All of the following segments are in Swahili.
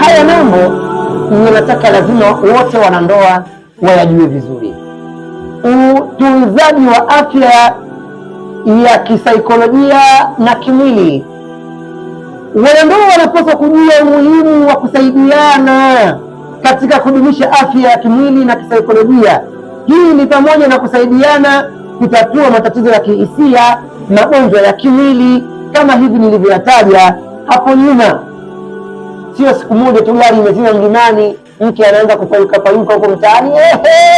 Haya mambo ninataka lazima wote wanandoa wayajue vizuri. Utunzaji wa afya ya kisaikolojia na kimwili, wanandoa wanapaswa kujua umuhimu wa kusaidiana katika kudumisha afya ya kimwili na kisaikolojia. Hii ni pamoja na kusaidiana kutatua matatizo ya kihisia magonjwa ya kimwili kama hivi nilivyoyataja hapo nyuma. Sio siku moja tu gari imezima mlimani, mke anaanza kupayuka payuka huko mtaani,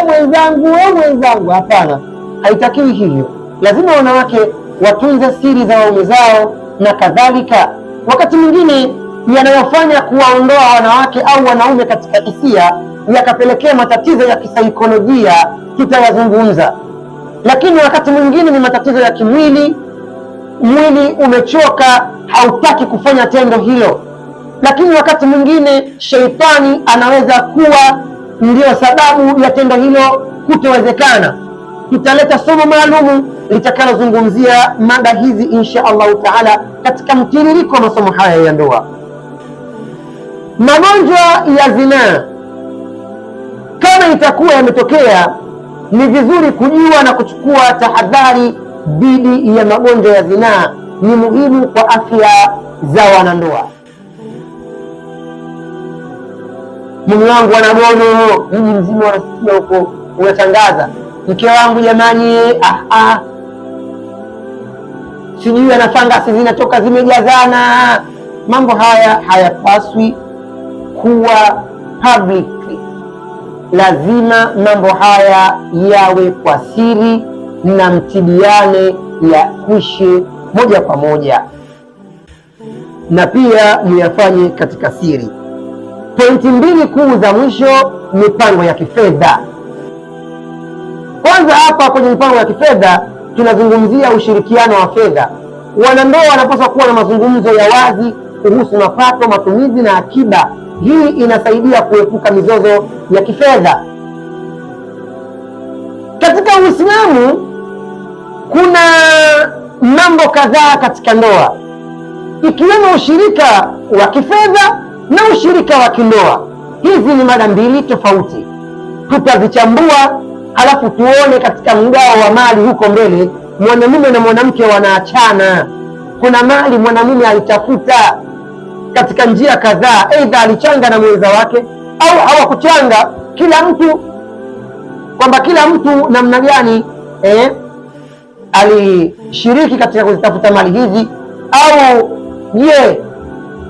mwenzangu, mwenzangu. Hapana, haitakiwi hivyo. Lazima wanawake watunze siri za waume zao na kadhalika. Wakati mwingine yanayofanya kuwaondoa wanawake au wanaume katika hisia yakapelekea matatizo ya kisaikolojia, tutayazungumza lakini wakati mwingine ni matatizo ya kimwili, mwili umechoka, hautaki kufanya tendo hilo. Lakini wakati mwingine sheitani anaweza kuwa ndiyo sababu ya tendo hilo kutowezekana. Tutaleta somo maalumu litakalozungumzia mada hizi insha Allahu taala katika mtiririko wa masomo haya ya ndoa. Magonjwa ya zinaa kama itakuwa yametokea ni vizuri kujua na kuchukua tahadhari dhidi ya magonjwa ya zinaa, ni muhimu kwa afya za wanandoa. Mume wangu Wanabono, mji mzima wanasikia huko, unatangaza mke wangu jamani, ah, ah, sijui ana fangasi zinatoka zimejazana. Mambo haya hayapaswi kuwa publicly lazima mambo haya yawe kwa siri na mtibiane yakwishe moja kwa moja, na pia muyafanye katika siri. Pointi mbili kuu za mwisho, mipango ya kifedha. Kwanza hapa kwenye mipango ya kifedha tunazungumzia ushirikiano wa fedha. Wanandoa wanapaswa kuwa na mazungumzo ya wazi kuhusu mapato, matumizi na akiba hii inasaidia kuepuka mizozo ya kifedha. Katika Uislamu kuna mambo kadhaa katika ndoa, ikiwemo ushirika wa kifedha na ushirika wa kindoa. Hizi ni mada mbili tofauti, tutazichambua halafu tuone katika mgao wa mali huko mbele, mwanamume na mwanamke wanaachana. Kuna mali mwanamume aitafuta katika njia kadhaa, aidha alichanga na mwenza wake au hawakuchanga, kila mtu kwamba kila mtu namna gani eh, alishiriki katika kuzitafuta mali hizi, au je,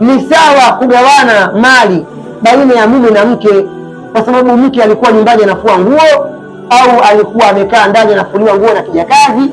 ni sawa kugawana mali baina ya mume na mke kwa sababu mke alikuwa nyumbani anafua nguo au alikuwa amekaa ndani anafuliwa nguo na kijakazi,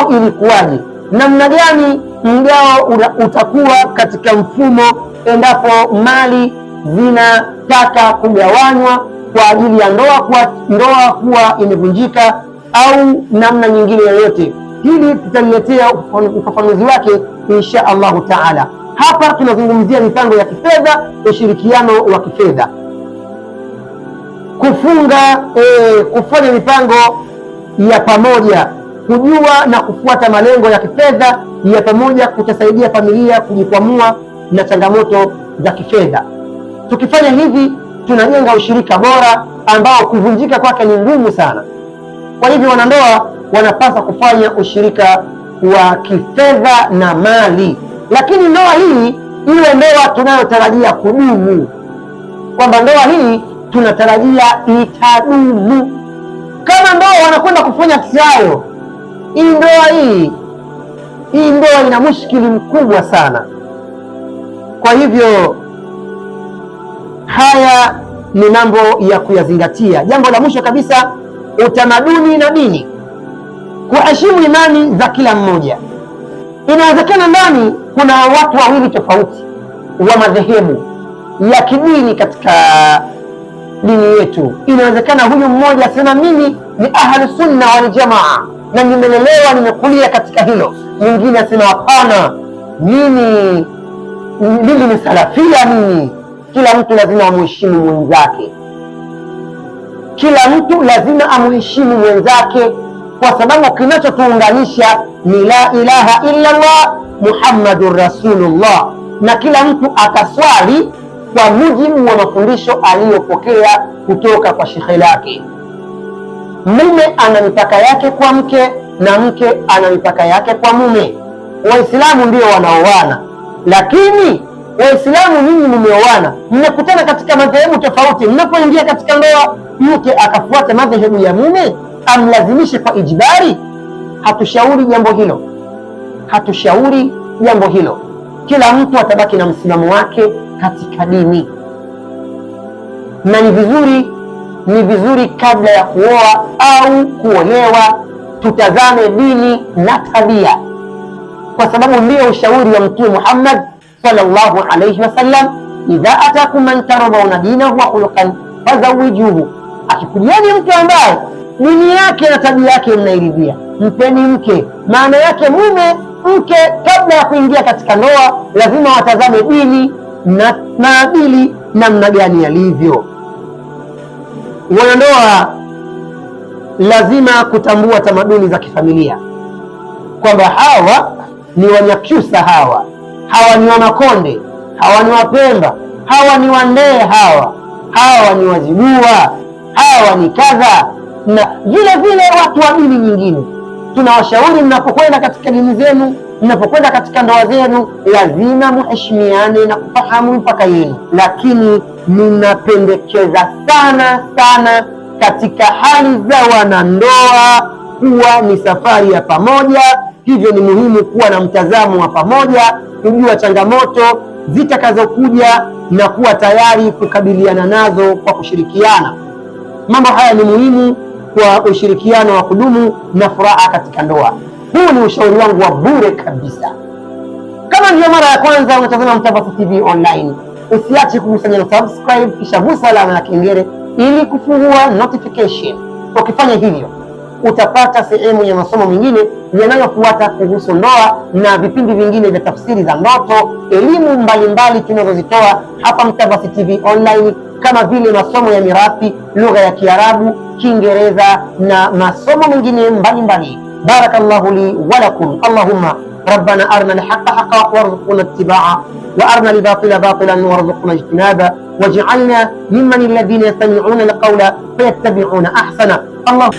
au ilikuwaje? Namna gani mgao utakuwa katika mfumo endapo mali zinataka kugawanywa kwa ajili ya ndoa kuwa ndoa kuwa imevunjika au namna nyingine yoyote. Hili tutaliletea ufafanuzi wake insha Allahu taala. Hapa tunazungumzia mipango ya kifedha, ushirikiano wa kifedha, kufunga e, kufanya mipango ya pamoja Kujua na kufuata malengo ya kifedha ya pamoja kutasaidia familia kujikwamua na changamoto za kifedha. Tukifanya hivi, tunajenga ushirika bora ambao kuvunjika kwake ni ngumu sana. Kwa hivyo, wanandoa wanapaswa kufanya ushirika wa kifedha na mali, lakini ndoa hii iwe ndoa tunayotarajia kudumu, kwamba ndoa hii tunatarajia itadumu. Kama ndoa wanakwenda kufanya kiayo hii ndoa hii hii ndoa ina mushkili mkubwa sana. Kwa hivyo haya ni mambo ya kuyazingatia. Jambo la mwisho kabisa, utamaduni na dini, kuheshimu imani za kila mmoja. Inawezekana ndani kuna watu wawili tofauti wa madhehebu ya kidini katika dini yetu. Inawezekana huyu mmoja asema mimi ni ahlu sunna wal jamaa na nimelelewa, nimekulia katika hilo. Mwingine asema hapana, mimi mimi ni salafia, mimi. Kila mtu lazima amuheshimu mwenzake, kila mtu lazima amuheshimu mwenzake, kwa sababu kinachotuunganisha ni la ilaha illa Allah Muhammadur Rasulullah, na kila mtu ataswali kwa mujibu wa mafundisho aliyopokea kutoka kwa shekhe lake mume ana mipaka yake kwa mke na mke ana mipaka yake kwa mume. Waislamu ndio wanaoana, lakini Waislamu ninyi mmeoana, mmekutana katika madhehebu tofauti. Mnapoingia katika ndoa, mke akafuata madhehebu ya mume, amlazimishe kwa ijibari? Hatushauri jambo hilo, hatushauri jambo hilo. Kila mtu atabaki na msimamo wake katika dini, na ni vizuri ni vizuri kabla ya kuoa au kuolewa tutazame dini na tabia, kwa sababu ndio ushauri wa Mtume Muhammad sallallahu alayhi wasallam, idha atakum man taradauna dinahu wa khuluqan fazawijuhu, akikujieni mtu ambaye dini yake na tabia yake mnairidhia, mpeni mke. Maana yake mume mke, kabla ya kuingia katika ndoa, lazima watazame dini na maadili namna gani yalivyo. Wanandoa lazima kutambua tamaduni za kifamilia kwamba hawa ni Wanyakyusa, hawa hawa ni Wamakonde, hawa ni Wapemba, hawa ni Wandee, hawa hawa ni Wazigua, hawa ni kadha. Na vile vile watu wa dini nyingine, tunawashauri mnapokwenda katika dini zenu, mnapokwenda katika ndoa zenu, lazima muheshimiane na kufahamu mpaka yenu, lakini ninapendekeza sana sana katika hali za wanandoa kuwa ni safari ya pamoja. Hivyo ni muhimu kuwa na mtazamo wa pamoja, kujua changamoto zitakazokuja na kuwa tayari kukabiliana nazo kwa kushirikiana. Mambo haya ni muhimu kwa ushirikiano wa kudumu na furaha katika ndoa. Huu ni ushauri wangu wa bure kabisa. Kama ndiyo mara ya kwanza unatazama Mtavassy TV Online usiache kufanya neno subscribe, kisha gusa alama ya kengele ili kufungua notification. Ukifanya hivyo, utapata sehemu ya masomo mengine yanayofuata kuhusu ndoa na vipindi vingine vya tafsiri za ndoto, elimu mbalimbali tunazozitoa hapa Mtavassy TV online kama vile masomo ya mirathi, lugha ya Kiarabu, Kiingereza na masomo mengine mbalimbali. بارك الله لي ولكم اللهم ربنا أرنا الحق حقا وارزقنا اتباعه وأرنا الباطل باطلا وارزقنا اجتنابه واجعلنا ممن الذين يستمعون القول فيتبعون أحسنه الله